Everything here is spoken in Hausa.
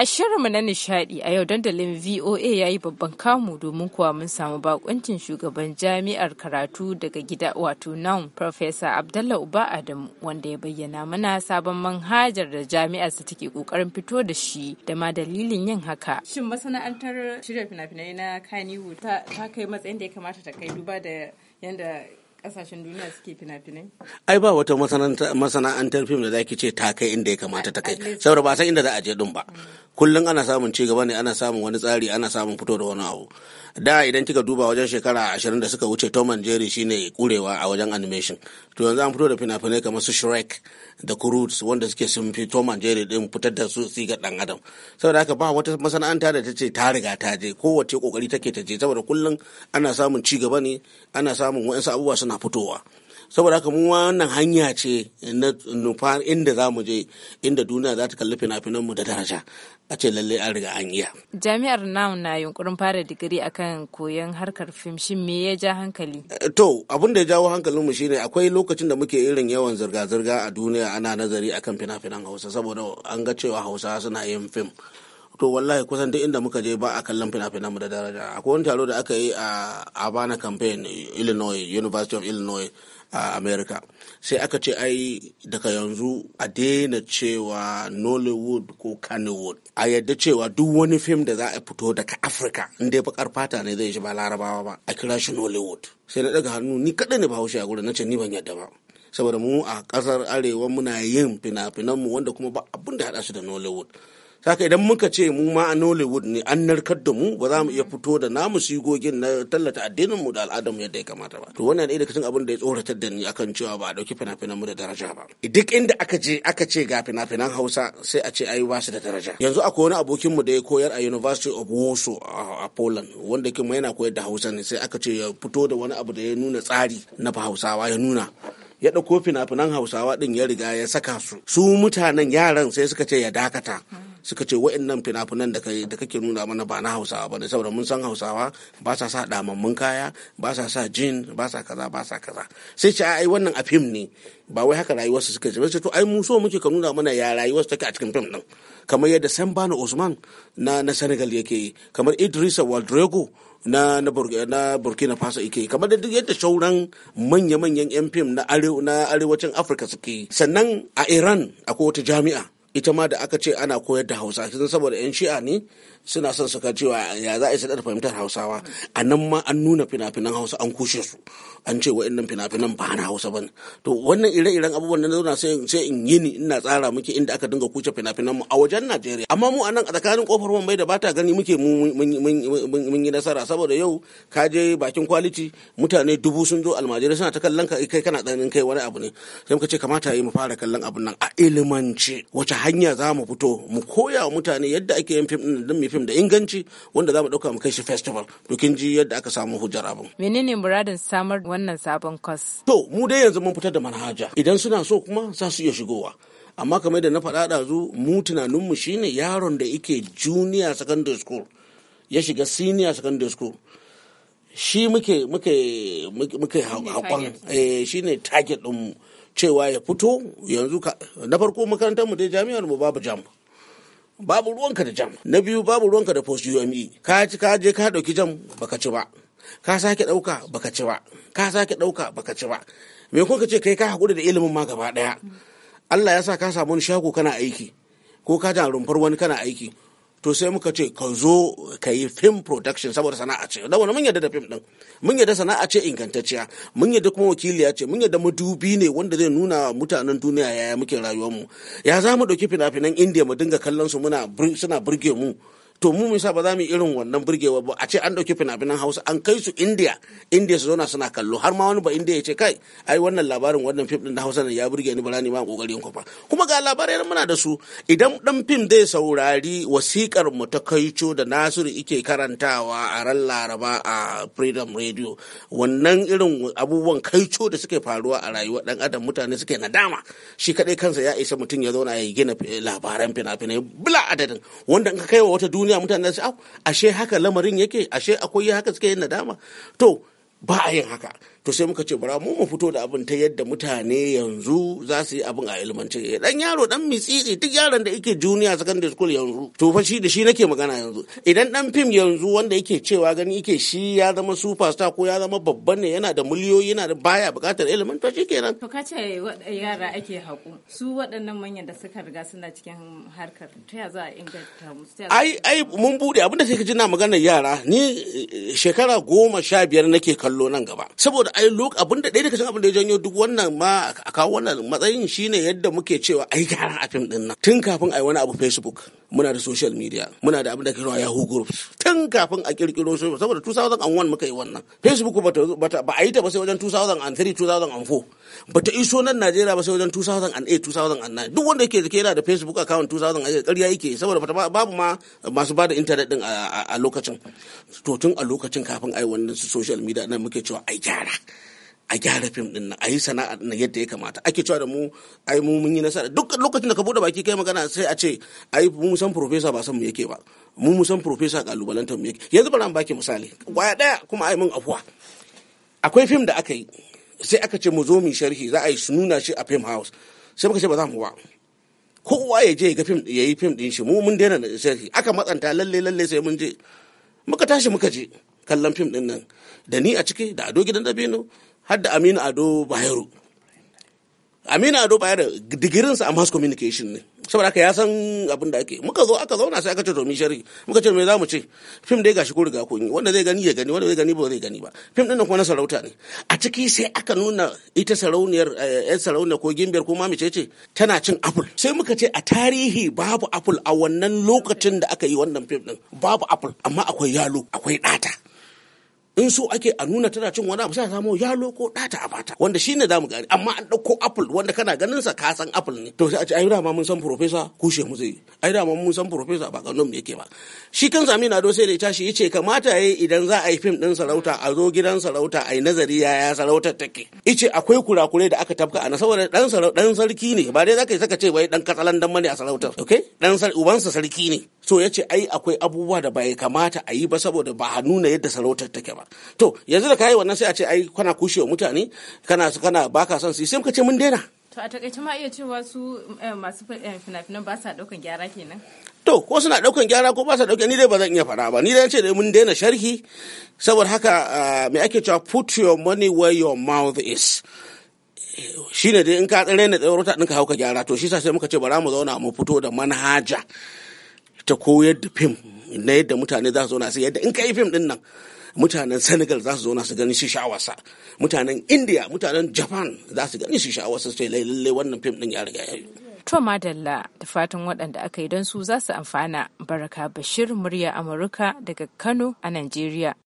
A shirinmu na nishadi a yau dandalin VOA ya yi babban kamu domin kuwa mun samu bakuncin shugaban jami'ar karatu daga gida wato nan Profesa Abdallah Uba Adamu wanda ya bayyana mana sabon manhajar da sa take kokarin fito da shi da ma dalilin yin haka. Shin masana'antar shirya fina-finai na Kannywood ta kai matsayin da ya kamata ta kai duba da yanda kasashen duniya suke fina-finai? Ai ba wata masana'antar fim da zaki ce ta kai inda ya kamata ta kai. Saboda ba san inda za a je din ba. Mm. kullum ana samun ci gaba ne ana samun wani tsari ana samun fito da wani abu da idan kika duba wajen shekara ashirin da suka wuce toman Jerry shine kurewa a wajen animation to yanzu an fito da fina-finai kamar su Shrek da kurut wanda suke sun fi toman jeri Jerry din fitar da su siga dan adam saboda haka ba wata masana'anta da ta ce ta riga ta je kowace kokari take ta je saboda kullum ana samun ci gaba ne ana samun wa'ansu abubuwa suna fitowa saboda haka mu wannan hanya ce na nufa inda za mu je inda duniya za ta kalli fina-finan mu da daraja a ce lalle an riga an iya jami'ar now na yunkurin fara digiri akan koyon harkar fim shin me ya ja hankali eh, to abin da ya jawo hankalin mu shine akwai lokacin da muke irin yawan zirga-zirga a duniya ana nazari akan fina-finan hausa saboda an ga cewa hausa suna yin fim to wallahi kusan duk inda muka je ba a kallon fina-finan mu da daraja akwai wani taro da aka yi a abana campaign Illinois University of Illinois a america sai aka ce ai daga yanzu a daina cewa nollywood ko kannywood a yadda cewa duk wani fim da za a fito daga afirka inda bakar fata ne zai shi ba larabawa ba a kira shi nollywood sai na daga hannu ni kaɗai ne ba haushe a gurin na ce ni ban yadda ba saboda mu a ƙasar arewa muna yin fina-finanmu wanda kuma ba abin da haɗa shi da nollywood saka idan muka ce mu ma a nollywood ne an narkar da mu ba za mu iya fito da namu sigogin na tallata addinin mu da al'adar mu yadda ya kamata ba to wannan ɗaya daga cikin abin da ya tsoratar da ni akan cewa ba a ɗauki fina-finan mu da daraja ba duk inda aka je aka ce ga fina-finan hausa sai a ce ayi ba su da daraja yanzu akwai wani abokin mu da ya koyar a university of warsaw a poland wanda kuma yana koyar da hausa ne sai aka ce ya fito da wani abu da ya nuna tsari na hausawa ya nuna ya ɗauko fina-finan hausawa ɗin ya riga ya saka su su mutanen yaran sai suka ce ya dakata suka ce wa'annan fina-finan da kake nuna mana ba na hausawa ba ne saboda mun san hausawa ba sa sa damammun kaya ba sa sa jin ba sa kaza ba sa kaza sai ce ai wannan a fim ne ba wai haka rayuwarsu suka ce to ai mu so muke ka nuna mana ya rayuwarsu take a cikin fim din kamar yadda Sambana Usman na na Senegal yake yi kamar Idrisa Waldrego na na burkina faso ike kamar da duk yadda shauran manya-manyan yan fim na arewacin afirka suke sannan a iran akwai wata jami'a ita ma da aka ce ana koyar da hausa saboda 'yan shi'a ne suna son suka cewa ya za a yi su fahimtar hausawa a nan ma an nuna fina-finan hausa an kushe su an ce wa wa'annan fina-finan ba na hausa bane to wannan ire-iren abubuwan na zauna sai in yi ni ina tsara muke inda aka dinga kuce fina-finan mu a wajen najeriya amma mu a nan a tsakanin kofar bai da bata gani muke mun yi nasara saboda yau ka je bakin kwaliti mutane dubu sun zo almajirai suna ta kallon ka kai kana ɗanin kai wani abu ne sai muka ce kamata yi mu fara kallon abun nan a ilimance wace hanya za mu fito mu koya wa mutane yadda ake yin fim ɗin mu fim da inganci wanda za mu ɗauka mu kai shi festival to kin ji yadda aka samu hujjar abin. Menene muradin samar wannan sabon kwas? To mu dai yanzu mun fitar da manhaja idan suna so kuma za su iya shigowa. Amma kamar da na faɗa ɗazu mu tunaninmu shine yaron da yake junior secondary school ya shiga senior secondary school shi muke muke muke haƙon eh, shi ne target ɗinmu cewa ya fito yanzu na farko makarantar mu dai jami'ar mu babu jam babu ruwanka da jam na biyu babu ruwanka da post ume ka ci ka je ka dauki jam baka ci ba ka sake dauka baka ci ba ka sake dauka baka ci ba me kuka ce kai ka hakuri da ilimin ma gaba daya Allah ya sa ka samu shago kana aiki ko ka ja rumfar wani kana aiki to sai muka ce ka zo ka yi film production saboda sana'a ce da wani mun yadda da film din mun yadda sana'a ce ingantacciya mun yadda kuma wakiliya ce mun yadda madubi ne wanda zai nuna mutanen duniya yaya muke rayuwar mu ya za mu dauki fina-finan indiya mu dinga kallon su muna suna burge mu to mu misa ba za mu irin wannan burgewa ba a ce an ɗauki fina-finan hausa an kai su india india su zauna suna kallo har ma wani ba india ya ce kai ai wannan labarin wannan fim din na hausa ne ya burge ni ba ni ma kokari kwafa kuma ga labarai nan muna da su idan ɗan fim zai saurari wasikar mu ta kaico da nasiru ike karantawa a ran laraba a freedom radio wannan irin abubuwan kaico da suke faruwa a rayuwar dan adam mutane suke nadama shi kaɗai kansa ya isa mutum ya zauna ya gina labaran fina-finai bila adadin wanda in ka kai wa wata duniya duniya mutane su ashe haka lamarin yake ashe akwai haka suke yin nadama to ba a yin haka to sai muka ce bara mu mu fito da abin ta yadda mutane yanzu za su yi abin a ilmance eh, dan yaro dan mitsitsi duk yaron da yake junior secondary school yanzu to fa shi da shi nake magana yanzu idan dan fim yanzu wanda yake cewa gani yake shi ya zama superstar ko ya zama babban ne yana da miliyoyi yana da baya bukatar ilimin to kenan. to kace yara ake haƙu su waɗannan manyan da suka riga suna cikin harkar ta ya za a inganta musu ai ai mun bude abinda sai ka ji na magana yara ni eh, shekara goma sha biyar nake kallo nan gaba saboda ai lok abin da ɗaya daga cikin abin da ya janyo duk wannan ma a kawo wannan matsayin shine yadda muke cewa ai gyaran a fim din nan tun kafin ai wani abu facebook muna da social media muna da abin da kira yahoo groups tun kafin a kirkiro su saboda 2001 muka yi wannan facebook ba a yi ta ba sai wajen 2003 2004 ba ta iso nan najeriya ba sai wajen 2008 2009 duk wanda yake da yana da facebook account 2008 eh, ƙarya yake saboda babu ma masu ba da internet din a lokacin to tun a lokacin kafin a yi wannan social media nan muke cewa ai gyara a gyara fim din nan a yi sana'a na yadda ya kamata ake cewa da mu ai mu mun yi nasara duk lokacin da ka bude baki kai magana sai a ce ai mu san professor ba san mu yake ba mu mu san professor kalubalantar mu yake yanzu bana an baki misali kwaya daya kuma ai mun afuwa akwai fim da aka yi sai aka ce mu zo mu sharhi za a yi su nuna shi a fim house sai muka ce ba za mu ba kowa ya je ya ga fim ya yi fim din shi mu mun daina sharhi aka matsanta lalle lalle sai mun je muka tashi muka je kallon fim din nan da ni a ciki da ado gidan dabino har da Aminu Ado Bayero. Aminu Ado Bayero digirinsa a mass communication ne. saboda haka ya san abin da ake muka zo aka zauna sai aka ce to shari muka ce me za mu ce fim dai gashi ko riga kun yi wanda zai gani ya gani wanda zai gani ba zai gani ba fim din kuma na sarauta ne a ciki sai aka nuna ita sarauniyar yan eh, sarauniya ko gimbiyar ko mamice ce tana cin apple sai muka ce a tarihi babu apple a wannan lokacin da aka yi wannan fim din babu apple amma akwai yalo akwai ɗata in so ake a nuna tana cin wani abu sai samu yalo ko ɗata a fata wanda ne zamu gani amma an ɗauko apple wanda kana ganin sa ka san apple ne to sai a ce ai dama mun san professor kushe mu zai ai dama mun san professor ba kanon me yake ba shi kan sami na do sai da tashi yace kamata yayi idan za a yi film din sarauta a zo gidan sarauta a yi nazari ya sarautar take yace akwai kurakure da aka tafka ana saboda dan dan sarki ne ba dai zaka yi saka ce wai dan katsalan dan mani a sarautar okay dan ubansa sarki ne so ya ce ai akwai abubuwa da bai kamata a yi ba saboda ba a nuna yadda sarautar take ba to yanzu da kayi wannan sai a ce ai kana kushewa mutane kana kana baka son su sai muka ce mun daina to a takaice ma iya cewa su eh, masu eh, fina-finan ba sa daukan gyara kenan to ko suna daukan gyara ko ba sa daukan ni dai ba zan iya fara ba ni dai ce dai mun daina sharhi saboda haka ah, me ake cewa put your money where your mouth is shine dai in ka tsare na tsaro ta ɗinka hauka gyara to shi sa sai muka ce bara mu zauna mu fito da manhaja ta koyar da fim na yadda mutane za su zauna su yadda in ka yi fim din nan mutanen senegal za su zauna su gani su sha'awarsa mutanen india mutanen japan za su gani su sha'awarsa su lalle wannan fim din ya riga ya yi to madalla da fatan waɗanda aka yi don su za su amfana baraka bashir murya amurka daga kano a nigeria.